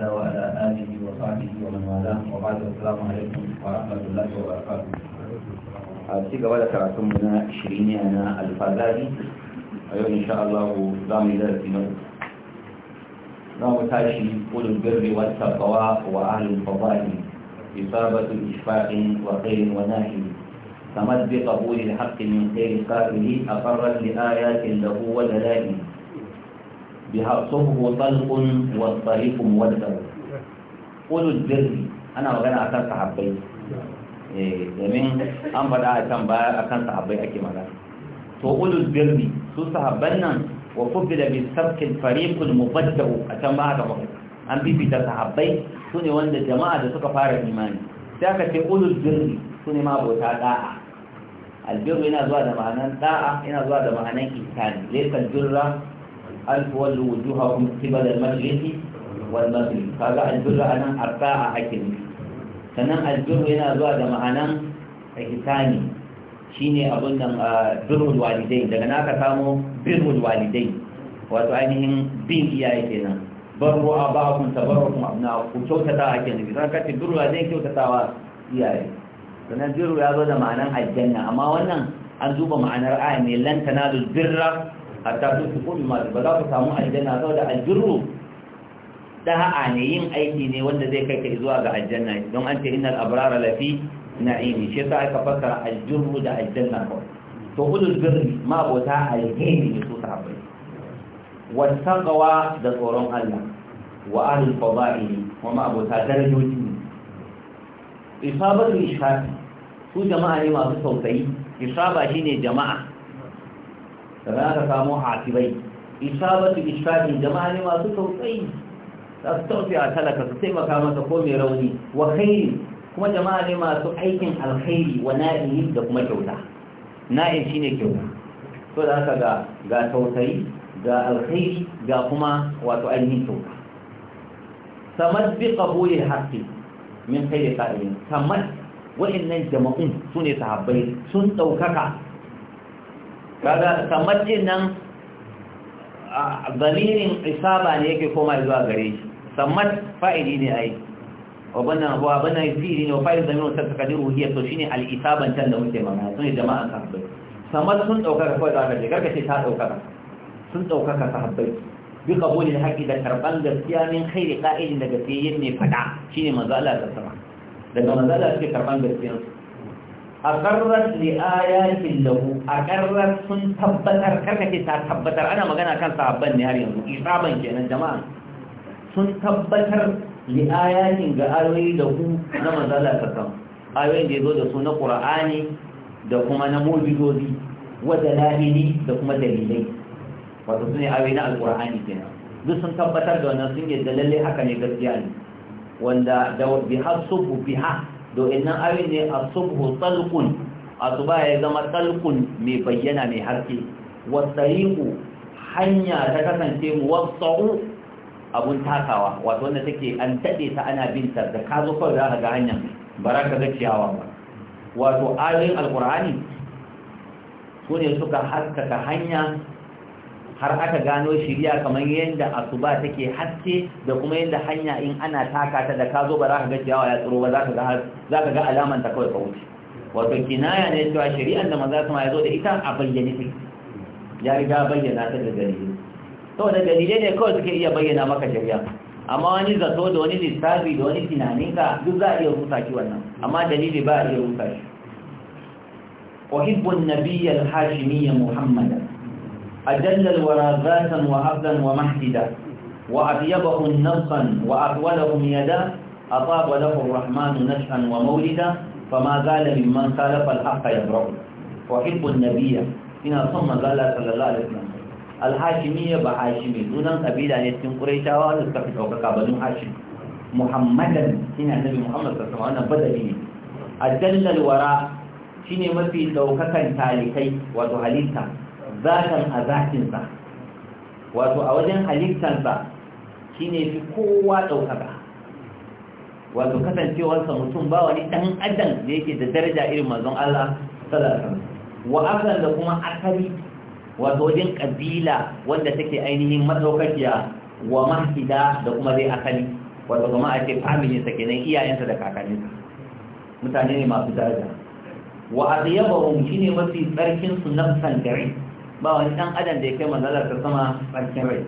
تعالى وعلى آله وصحبه ومن والاه وبعد السلام عليكم ورحمة الله وبركاته أتيك آه، قبل تراتم من عشرين أنا الفازاري أيوة إن شاء الله وضام إلى المرض نعم تاشي قول البر والتقوى وأهل الفضائل إصابة إشفاق وخير وناهي تمد بقبول الحق من خير قائله أقرا لآيات له ودلائل biha suhu talqun wa tariqun muwaddal ulul birri ana magana akan sahabbai eh domin an faɗa a can baya akan sahabbai ake magana to ulul birri su sahabban nan wa fuddila bi sabqil fariqul mubaddau a can ba haka ba an bibita sahabbai su ne wanda jama'a da suka fara imani sai aka ce ulul birri su ne mabota da'a albirru yana zuwa da ma'anan da'a yana zuwa da ma'anan ihsani laysa albirra an tuwallu wujuhakum qibal al-mashriqi wani maghrib kaga al nan anan arba'a hakim sannan al-birru yana zuwa da ma'anan ihsani shine abun nan birrul walidai daga na naka samo birrul walidai wato ainihin bin iyaye kenan barru aba'akum na ku kyautata hakin da zaka ce birru zai kyautatawa iyaye sannan birru ya zo da ma'anan aljanna amma wannan an duba ma'anar aya ne lan tanalu birra hatta su su kudu masu ba za ku samu aljanna sau da aljirru da'a ne yin aiki ne wanda zai kai ka zuwa ga aljanna don an ce innal abrara lafi na'imi shi ta aka fasa aljirru da aljanna kawai to ulul birri ma bota alheri ne su sahabbai wattaqwa da tsoron Allah wa ahlul fada'ili wa ma bota darajoji ne isabatu ishaq su jama'a ne masu sautai isaba shine jama'a sannan aka samu hatibai isabatu ishfaqin jama'a ne masu tausayi za su tausayi a talaka su taimaka masa ko mai rauni wa khairi kuma jama'a ne masu aikin alkhairi wa na'in da kuma kyauta na'in shine kyauta so da haka ga tausayi ga alkhairi ga kuma wato ainihin kyauta samad bi qabuli haqqi min khairi qa'ilin samad wa'annan jama'un sune sahabbai sun ɗaukaka. kaga kamar din nan zamirin isaba ne yake koma zuwa gare shi sammat fa'ili ne ai wabannan wa bannan fi'ili ne wa fa'il zamirin ta takadiru hiya to shine al-isaban tan da muke magana sun jama'a sahabbai sammat sun daukaka kawai zaka je karka ce ta daukaka sun daukaka sahabbai bi qabulil haqqi da karban gaskiya min khairi qa'ilin daga sayyid ne fada shine manzo Allah sallallahu alaihi daga manzo Allah suke karban gaskiyarsu aƙarrar liayakin da ku aƙarrar sun tabbatar karkace ta tabbatar ana magana kan sahabban ne har yanzu isaban kenan jama'a sun tabbatar liayakin ga ayoyi da ku na mazala kasan ayoyin da ya zo da su na ƙura'ani da kuma na mulbidozi wadda da kuma dalilai wato su ne ayoyi na alƙura'ani kenan duk sun tabbatar da wannan sun yadda lallai haka ne gaskiya ne wanda da bihar su bihar do innan ayoyin ne a subhu talqun asuba ya zama talqun mai bayyana mai harke wasariqu hanya ta kasance muwassau abun takawa wato wanda take an tade ta ana bin ta da ka zo kawai za ga hanya baraka ga ciyawa wato ayoyin alqur'ani sune suka haskaka hanya har aka gano shiriya kamar yadda asuba take haske da kuma yadda hanya in ana taka ta da ka zo ba za ka ga ciyawa ya tsoro ba za ka ga alamanta kawai ka wuce wato kinaya ne cewa shari'ar da maza su ya zo da ita a bayyane ta ya riga bayyana ta da dalilai to da dalilai ne kawai suke iya bayyana maka shari'a amma wani zato da wani lissafi da wani ka duk za a iya rusa shi wannan amma dalili ba a iya rusa shi Wahibbun Nabiyyar hashimiyya muhammadan أجل الوراثات وعبدا ومحددا وأطيبهم نفسا وأطوله يدا أطاب له الرحمن نشأ ومولدا فما زال ممن خالف الحق يبرأ وحب النبي إن ثم قال صلى الله عليه وسلم الحاشمية بحاشمي دون قبيلة يسكن قريشة وتستفيد أوكاكا بنو حاشم محمدا إن النبي محمد صلى الله عليه وسلم بدأ به أجل الوراء شيني مفي دوكاكا تالكي وتهليتا zatan a zatinsa wato a wajen halittarsa shi ne fi kowa ɗaukaka wato kasancewarsa mutum ba wani ɗan adam da yake da daraja irin mazan Allah sallallahu wa afirar da kuma asali wato wajen ƙabila wanda take ainihin madaukakiya wa mahida da kuma zai asali wato kuma a ce ke nan iyayensa da kakaninsa mutane ne masu daraja wa adiyabahum shine mafi tsarkin su nafsan gari ba wani ɗan adam da ya kai manzala ta sama ɓarkin rai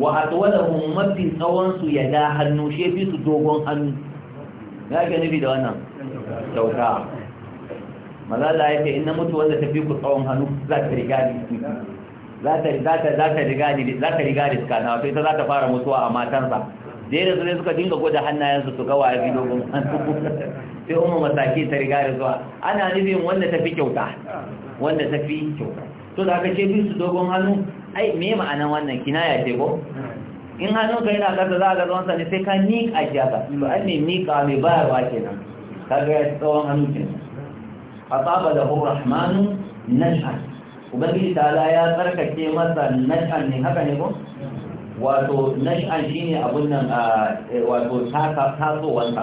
wa a tsawalahu mafi tsawonsu ya da hannu shi fi su dogon hannu ya ke nufi da wannan kyauta manzala ya ce ina mutu wanda ta fi ku tsawon hannu za ta riga ni za ta riga ni za ta riga ni suka na wato za ta fara mutuwa a matansa da ya su ne suka dinga gwada hannayensu su gawa ya fi dogon hannu sai umar masaki ta riga da zuwa ana nufin wanda ta fi kyauta wanda ta fi kyauta to da aka ce bin su dogon hannu ai me ma'anan wannan kinaya ce ko in hannu ka yana kasa za a ga tsawon ne sai ka miƙa shi haka to an ne miƙa mai bayarwa kenan ka ga ya tsawon hannu kenan asaba da hu rahmanu nashan ubangiji ta'ala ya tsarkake masa nashan ne haka ne ko wato nashan shine abun nan e, wato shi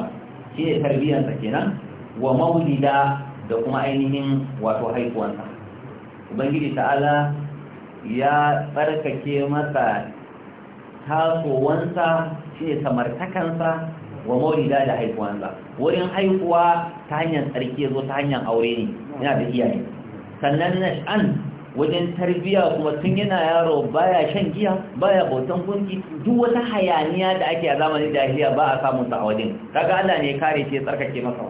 shine tarbiyyarsa kenan wa maulida da kuma ainihin wato haifuwansa ubangiji ta'ala ya tsarkake masa tasowansa shine samartakansa wa maulida da haihuwansa wurin haihuwa ta hanyar tsarki zo ta hanyar aure ne yana da iyaye sannan na an wajen tarbiyya kuma tun yana yaro baya shan giya baya bautan gunki duk wata hayaniya da ake a zamanin jahiliya ba a samun sa a wajen kaga Allah ne kare shi tsarkake masa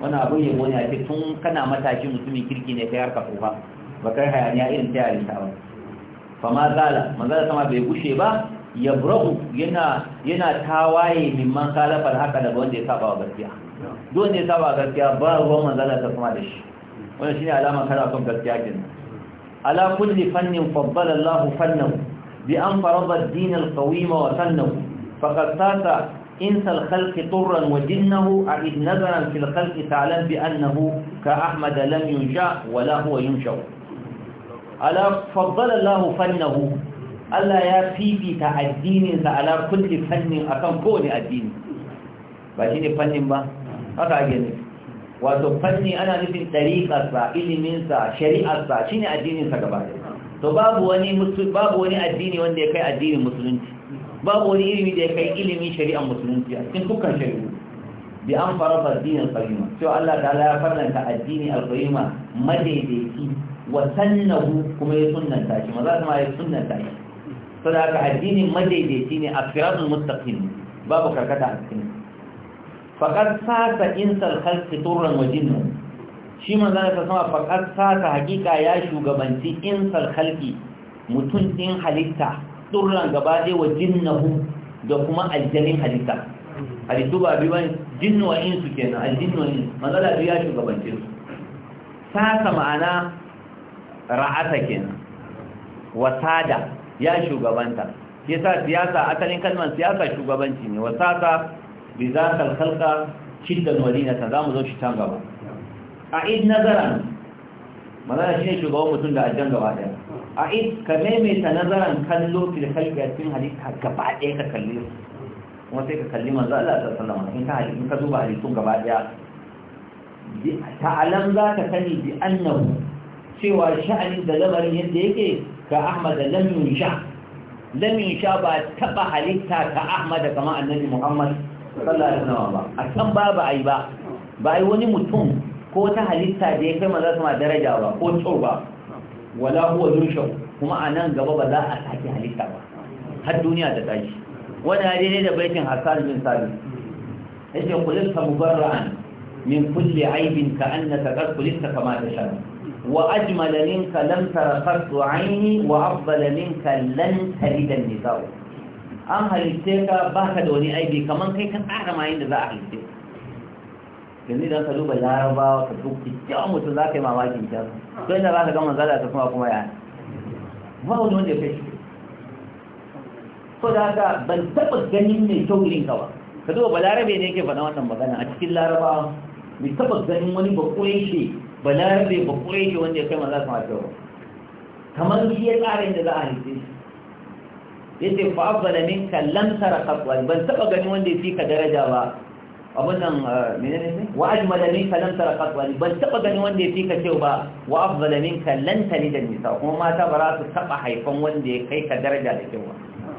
wannan abin yabo ne a ce tun kana matashi mutumin kirki ne kai harka tsofa bakai hayaniya irin ta yarin sha'awa fa ma zala manzala sama bai gushe ba ya burahu yana yana tawaye mimman kalafar haka daga wanda ya saba wa gaskiya don wanda ya saba gaskiya ba ruwan manzala ta kuma da shi wannan shine alama kana son gaskiya kenan ala kulli fannin faddala Allah fannahu bi an farada ad-din al-qawim wa sannahu faqad sata insa al-khalqi turran wa jinnahu a'id nazaran fil khalqi ta'lam bi annahu ka ahmad lam yunsha wa la huwa yunsha ala faddala Allah fannahu Allah ya fifita addininsa ala kulli fannin akan kowane addini ba shi ne fannin ba haka ake nufi wato fanni ana nufin ɗariƙarsa iliminsa shari'arsa shi ne addininsa gaba to babu wani babu wani addini wanda ya kai addinin musulunci babu wani ilimi da ya kai ilimin shari'ar musulunci a cikin dukkan shari'u bi an fara addinin qayyima to Allah ta'ala ya farlanta addini al-qayyima madaidaici wasannahu kuma ya sunnanta shi maza kuma ya sunnanta shi to da aka addinin madaidaici ne a siratul mustaqim babu karkata a cikin faqad sata insal khalqi turran wa jinnan shi manzo Allah sama faqad sata hakika ya shugabanci insal khalqi mutun din halitta turran gaba dai wa jinnahu da kuma aljanin halitta halittu ba in su jinnu wa insu kenan aljinnu wa insu manzo Allah ya shugabance su sata ma'ana ra'asa kenan wasada ya shugabanta yasa siyasa asalin kalmar siyasa shugabanci ne wasada bi al khalqa shiddan walina zamu zo shi tan gaba a id nazaran magana shi shugaban mutum da ajjan gaba daya a id ka maimaita nazaran kallo fil khalqi a cikin halitta gaba daya ka kalle kuma sai ka kalli manzo Allah sallallahu alaihi wasallam in ka duba halittun gaba daya ta'alam za ka sani bi annahu cewa sha'anin da lamarin yadda yake ga ahmad lam yunsha lam Sha ba taba halitta ka ahmad kama annabi muhammad sallallahu alaihi wasallam a can ba ba ai ba ba ai wani mutum ko ta halitta da ya kai maza sama daraja ba ko tsau ba wala huwa yunsha kuma a nan gaba ba za a sake halitta ba har duniya ta tashi wani hari ne da baitin hassan bin sabi yace kullu mubarra'an min kulli aibin ka annaka qad kulista kama tashaa وأجمل منك لم تر فرد عيني وأفضل منك لن تلد النساء an halitte ka ba ka da wani aibi kamar kai kan tsara ma yin da za a halitta. yanzu idan ka duba larabawa ka duk kyawun mutum za ka yi mamakin kyawun don ina za ka gama manzala ta kuma kuma ya ba wani wanda ya kai shi so da ban taɓa ganin mai kyau irin ka ba ka duba balarabe ne yake faɗa wannan magana a cikin Laraba? mai taɓa ganin wani ba shi balarabe ba kure shi wanda ya kai maza su masu yawa kamar shi ya tsara yadda za a haife shi ya ce fa abbala min kallan tara kasuwa ban taɓa gani wanda ya fi ka daraja ba abin nan uh, menene ne wa ajmala min kallan tara kasuwa ban taɓa gani wanda ya fi ka kyau ba wa abbala min kallan tali da nisa kuma mata ba za su taɓa haifan wanda ya kai ka daraja da kyau ba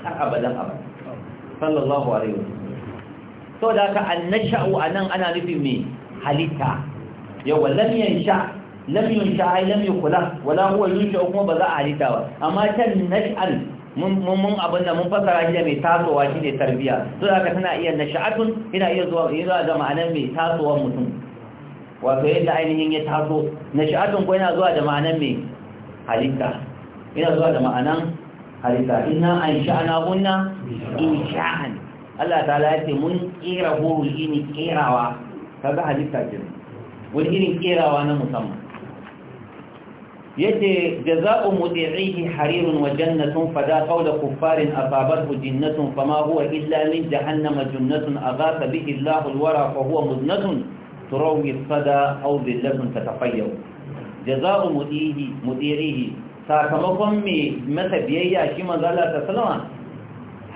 har abadan abadan sallallahu alaihi wasallam saboda haka annasha'u nan ana nufin mai halitta yawa lam yansha lam yansha ai lam yukula wala huwa yunsha kuma ba za a halitta ba amma can nash'al mun mun abin da mun fasara shi da mai tasowa shi ne tarbiya to haka tana iya nash'atun ina iya zuwa ina da ma'anar mai tasowar mutum wato yadda ainihin ya taso nash'atun ko yana zuwa da ma'anar mai halitta ina zuwa da ma'anar halitta inna ansha'na hunna insha'an Allah ta'ala ya ce mun kera hurul ini kerawa kaga halitta kenan wani irin kerawa na musamman yace jaza'u mudi'ihi harirun wa jannatun fada qawla kuffarin asabathu jinnatun fama huwa illa min jahannama jannatun aghatha bihi Allahu alwara fa huwa muznatun turawi sada aw dillatun tatafayyu jaza'u mudi'ihi mudi'ihi sakamakon me masa biyayya shi manzo Allah ta sallama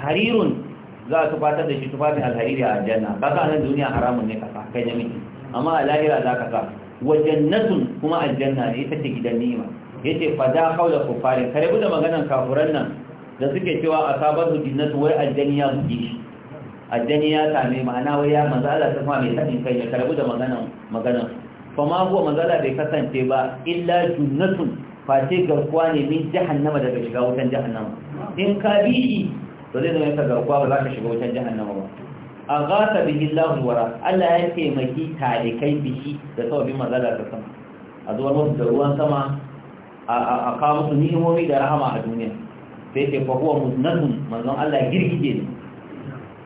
harirun za a tufatar da shi tufafin alhariri a aljanna kaga nan duniya haramun ne kafa kai namiji amma a lahira za ka sa wa jannatun kuma aljanna ne ita ce gidan ni'ima yace fa da haula kufarin kare da maganan kafuran nan da suke cewa a asabatu jannatu wai aljanni ya buge shi aljanni ya same ma'ana wai ya manzo Allah ta fa mai sakin kai ya kare da maganan maganan fa ma huwa manzo bai kasance ba illa jannatun fa ce garkuwa ne min jahannama daga shiga wutan jahannama in ka bi to zai zama ka garkuwa ba za ka shiga wutan jahannama ba aghatha bihi Allahu wara Allah ya taimaki talikai bihi da sababin mazala ta sama a zuwa musu da ruwan sama a kawo musu ni'imomi da rahama a duniya sai ce fa huwa muznatun manzon Allah girgije ne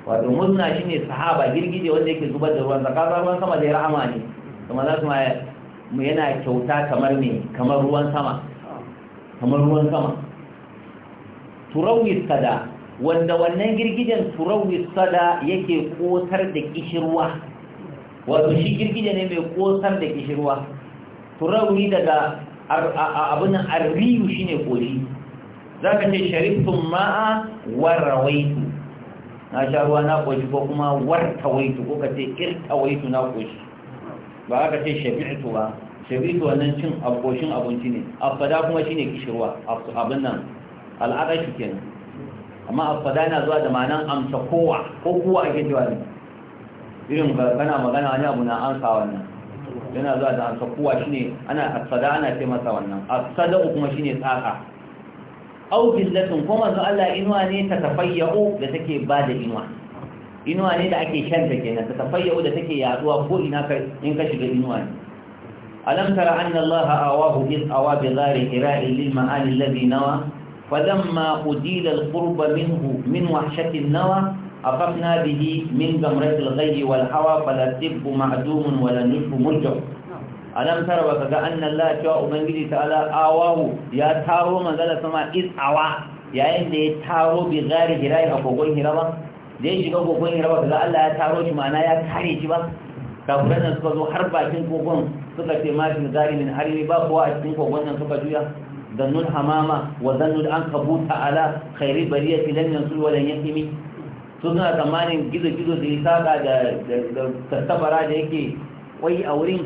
wato muzna shine sahaba girgije wanda yake zubar da ruwan zaka ruwan sama da rahama ne kuma za su mu yana kyauta kamar me kamar ruwan sama kamar ruwan sama turawi sada wanda wannan girgijen turawi sada yake kotar da kishirwa wato shi girgije ne mai kotar da kishirwa turawi daga abin arriyu shi ne koshi za ka ce sharifin ma'a warawaitu? na sha ruwa na koshi ko kuma wartawaitu ko ka ce irtawaitu na koshi ba haka ce shabi'tu ba shabi'tu wannan cin aboshin abinci ne abada kuma shi ne kishirwa abin nan al'ada shi kenan amma afada yana zuwa da ma'anan amsa kowa ko kowa ake cewa ne irin kana magana wani abu na amsa wannan yana zuwa da amsa kowa shine ana afada ana ce masa wannan afada kuma shine tsaka au billatun kuma zo Allah inuwa ne ta tafayyau da take ba da inuwa inuwa ne da ake shanta kenan ta tafayyau da take yaduwa ko ina kai in ka shiga inuwa ne alam tara anna Allah awahu iz awa bi ghari ira'in lil ma'ani alladhi nawa فلما أزيل القرب منه من وحشة النوى أخفنا به من جمرة الغي والهوى فلا تب معدوم ولا نشف مرجع alam tara baka ga annan Allah ubangiji ta'ala awahu ya taro manzala sama is awa yayin da ya taro bi gari hirai a kogon hira ba da shiga kogon hira ba kaga Allah ya taro shi ma'ana ya kare shi ba kafuran nan suka zo har bakin kogon suka ce ma fi min ba a cikin kogon nan suka juya ظن الحمامة وظن الأنكبوت على خير برية لم ينصر ولن يهتم suna tsammanin gizo-gizo da ya saka da tattabara da yake wai a wurin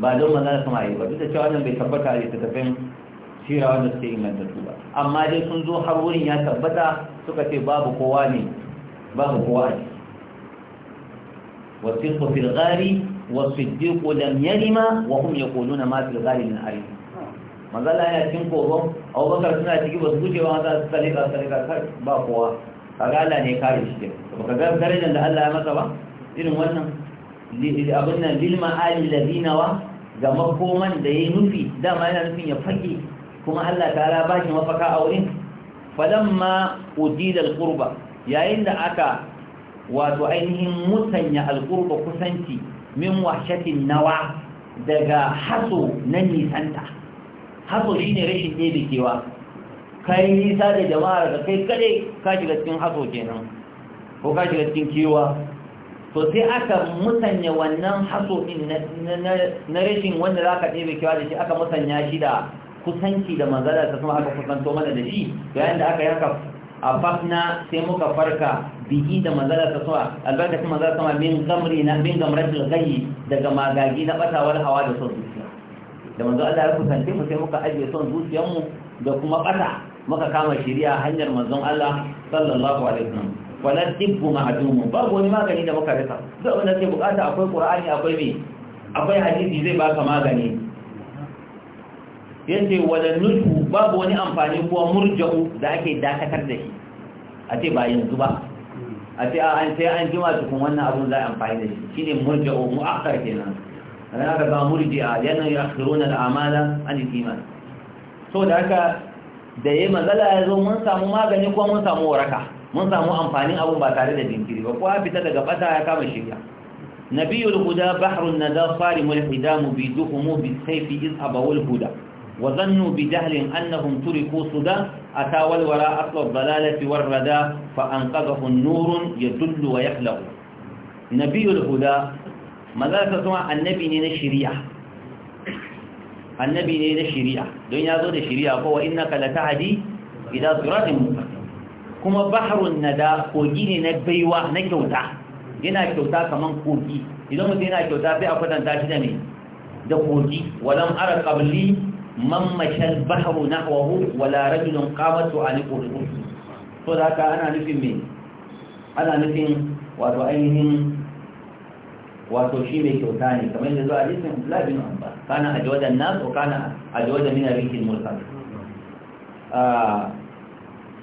ba don manzana sama yi ba duk da cewa wannan bai tabbata da tattafin shira wanda suke inganta su ba amma dai sun zo har wurin ya tabbata suka ce babu kowa ne babu kowa ne wasu kofin gari wasu jiko lam yalima wa hum yaquluna ma fil gari min manzala yana cikin kogon abubakar suna ciki ba su wuce ba za su salika salika ba kowa kaga Allah ne kare shi din baka ga darajar da Allah ya masa ba irin wannan abin nan lil ma'ali ladina wa ga makoman da yayi nufi dama yana nufin ya fage kuma Allah ta'ala ba shi mafaka a wurin falamma udila alqurba yayin da aka wato ainihin mutanya alqurba kusanci min wahshatin nawa daga haso na nisanta haso shine rashin ɗebe kewa Kai nisa da jama'ar da kai kaɗai ka shiga cikin haso kenan ko ka shiga cikin kewa to sai aka musanya wannan haso din na rashin wanda za ka ɗebe kewa da shi aka musanya shi da kusanci da manzala ta kuma aka kusanto mana da shi bayan da aka yi haka a fafna sai muka farka biki da manzala ta kuma albarkacin manzala ta kuma min gamri na min da gayi daga magagi na batawar hawa da sosai da manzo Allah ya kusance mu sai muka ajiye son zuciyarmu da kuma bata muka kama shiriya hanyar manzon Allah sallallahu alaihi wasallam wala tibbu ma'dumu babu wani magani da muka rasa duk wanda ke bukata akwai qur'ani akwai me akwai hadisi zai baka magani yace wala nutu babu wani amfani ko murja'u da ake dakatar da shi a ce ba yanzu ba a ce an sai an jima tukun wannan abun za a amfani da shi shine murja'u mu'akkar kenan ranar ba murji'a yana ya kiruna al'amala an iman so da haka da yayi matsala ya zo mun samu magani ko mun samu waraka mun samu amfanin abu ba tare da jinkiri ba kowa fita daga bata ya kama shirya nabiyul huda bahrun nada sarimul hidamu bi duhumu bi sayfi iz abawul huda وظنوا بجهل أنهم rada صدى أتى والوراء أصل الضلالة ya dullu wa يدل Na biyu الهدى manzan sa kuma annabi ne na shari'a annabi ne na shari'a don ya zo da shari'a ko wa ta hadi idan siratin mustaqim kuma bahrun nada kogi ne na baiwa na kyauta yana kyauta kaman kogi idan mutum yana kyauta sai a kwatanta shi da me da kogi walam ara qabli man mashal bahru nahwahu wala rajulun qamatu an qurbu to da haka ana nufin me ana nufin wato ainihin wato shi mai kyauta ne kamar yanzu a hadisin Abdullah bin Abbas kana ajwada nas wa kana ajwada min al-rihil mursal ah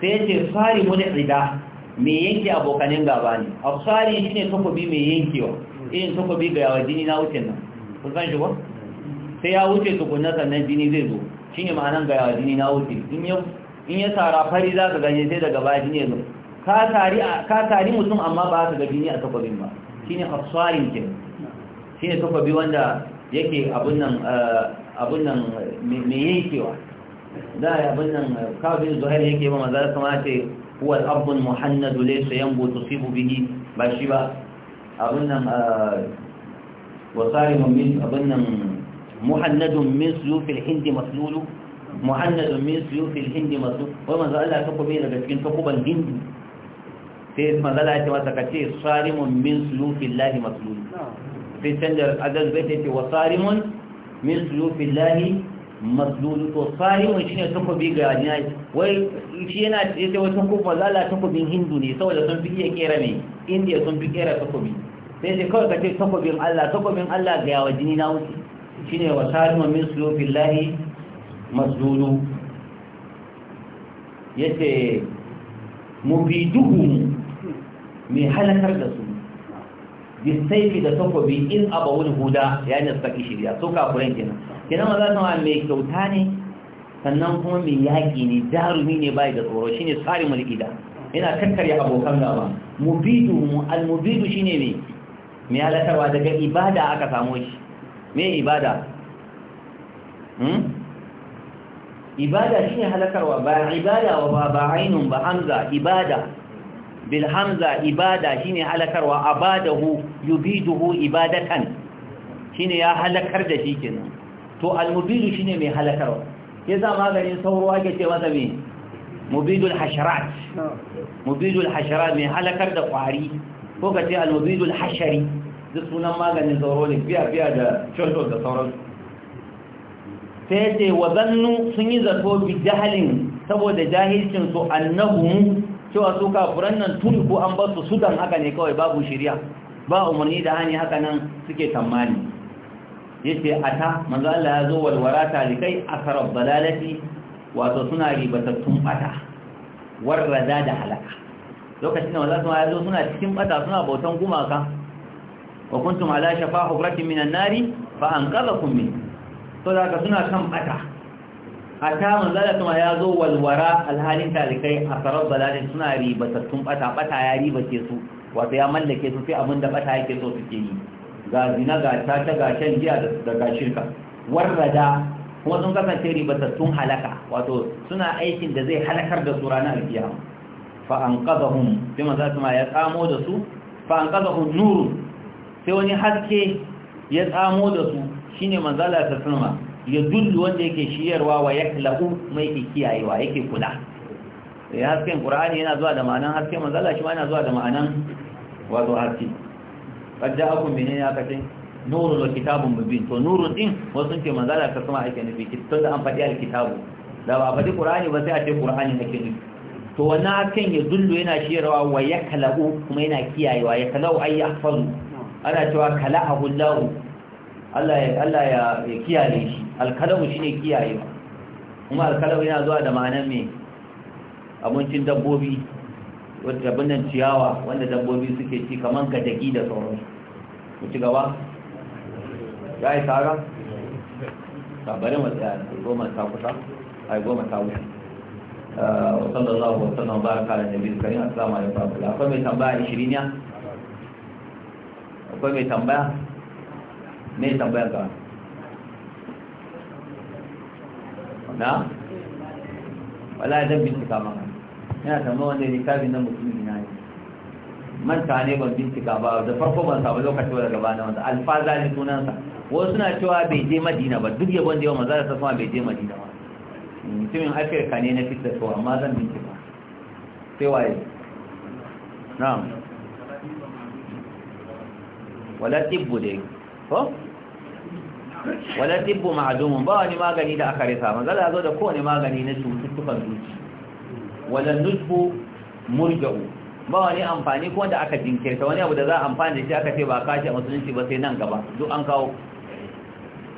sai ce fari mun rida me yanke abokanin gaba ne afsari shine takobi mai yankewa irin takobi ga yawa jini na wucin nan kun san shi ko sai ya wuce tukunna sannan jini zai zo shine ma'anan ga yawa jini na wuce in ya in ya tara fari za ka ganye sai daga baya jini ya zo ka tari mutum amma ba ka ga jini a takobin ba shine hafsarin kin shine tufafi wanda yake abun nan eh, abun nan me yankewa da abun nan kafin zuhair yake ba maza kuma ce huwa al-abu muhannadu laysa yanbu tusibu bihi ba shi ba abun nan وصارم من أظن مهند من سيوف الهند مسلول مهند من سيوف الهند مسلول وما زال تقو daga cikin تقوبا هند sai manzala ya ce masa ka ce sarimun min sulufin lahi maslul sai canjar adal bai ta ce wa sarimun min sulufin lahi maslul to sarimun shi ne takobi ga yanayi wai shi yana ce ta wata kuma zala takobin hindu ne saboda sun fi iya kera mai indiya sun fi kera takobi sai sai kawai ka ce takobin allah takobin allah ga yawa jini na wuce shi ne wa sarimun min sulufin lahi maslulu ya ce duhu. mai halakar da su bisaifi da takobi in abawul huda ya ne suka shirya so kafuran kenan kenan maza sama mai kyauta ne sannan kuma mai yaƙi ne jarumi ne bai da tsoro shine tsari da. yana kakkarya abokan gaba mubidu al-mubidu shine ne mai halakarwa daga ibada aka samu shi mai ibada hmm? ibada shine halakarwa ba ibada wa ba ainun ba hamza ibada Bilhamza hamza ibada shine halakarwa abadahu yubiduhu ibadatan shine ya halakar da shi kenan to al-mubidu shine mai halakarwa za maganin sauro ake ce masa me mubidul hasharat mubidul hasharat mai halakar da kwari ko ka ce al-mubidul hashari duk sunan maganin sauro ne biya biya da shoto da sauransu sai ce wa zannu sun yi zato bi jahalin saboda jahilcin su annahum cewa su kafuran nan tun ko an basu sudan haka ne kawai babu shirya ba umarni da hani haka nan suke tammani yace ata manzo Allah ya zo walwara ta talikai asarab balalati wato suna ribatattun bata warrada da halaka lokacin da manzo ya zo suna cikin bata suna bautan gumaka wa kuntum ala shafa hukratin minan nari fa anqadhakum min to da suna kan bata hatta manzala kuma ya zo walwara alhalin talikai a sarar balalin suna ribatattun bata bata ya ribace su wato ya mallake su sai abin da bata yake so suke yi ga zina ga tata ga shan giya da ga shirka warrada kuma sun kasance ribatattun halaka wato suna aikin da zai halakar da su ranar alkiyama fa anqadhum bi manzala kuma ya tsamo da su fa anqadhum nur sai wani haske ya tsamo da su shine manzala ta sunna ya dullu wanda yake shiyarwa wa yaklahu mai kiyayewa yake kula ya eh, hasken qur'ani yana zuwa da ma'anan hasken manzala shi ma yana zuwa da ma'anan wato hasken Fadda akun menene aka ce nurul wa kitabun mubin to nurul din wasu ce manzala ka kuma ake nufi kitabun da an faɗi alkitabu da ba fadi qur'ani ba sai a ce qur'ani ake nufi to wannan hasken ya dullu yana shiyarwa wa yaklahu kuma yana kiyayewa yaklahu ay yahfazu ana cewa kala'ahu lahu Allah ya Allah ya kiyaye shi alkalamu shine kiyaye kuma alkalabu yana zuwa da ma'anar me abincin dabbobi wanda abinnan ciyawa wanda dabbobi suke ci kaman daki da sauran ku ci gaba ya yi tsara tabarin wata goma ta kusa ai goma ta kusa uh, wa sallallahu wa sallam baraka ala nabi karim assalamu alaikum akwai mai tambaya 20 ne akwai mai tambaya me tambayar ka na wala zan bincika maka Ina tambayar wanda ne kafin nan mutum ina ne manta ne ban bincika ba da farko ban samu lokaci daga bana wanda alfaza ne sunansa wasu suna cewa bai je madina ba duk yabon da yawa maza da sassuwa bai je madina ba mutumin afirka ne na fitar to amma zan bincika sai waye na'am wala tibbu yake ko wala tibbu ma'dumun ba wani magani da aka risa manzo Allah zo da kowane magani na cututtukan zuci wala nujbu murja'u ba wani amfani ko wanda aka jinkirta wani abu da za a amfani da shi aka ce ba kashi a musulunci ba sai nan gaba duk an kawo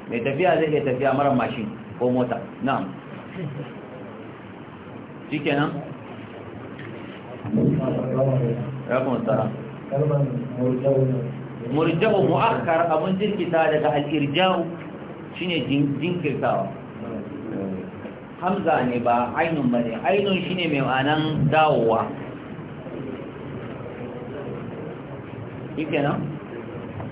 mai tafiya zai iya tafiya mara mashin ko mota na'am shikenan ya kuma murja'u mu'akkar abun jirkita daga al-irja'u shine jinkirtawa hamza ne ba ainun bane ainun shine mai ma'anan dawowa a nan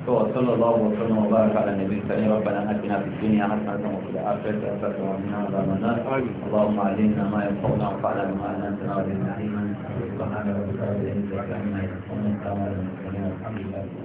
to sallallahu alaihi wasallam wa baraka ala nabi sallallahu alaihi wa sallam atina fid dunya hasanatan wa fil akhirati hasanatan wa qina adhaban nar allahumma alimna ma yanfa'una wa fa'alna ma anfa'na wa zidna ilman wa salamun ala al mursalin walhamdulillahi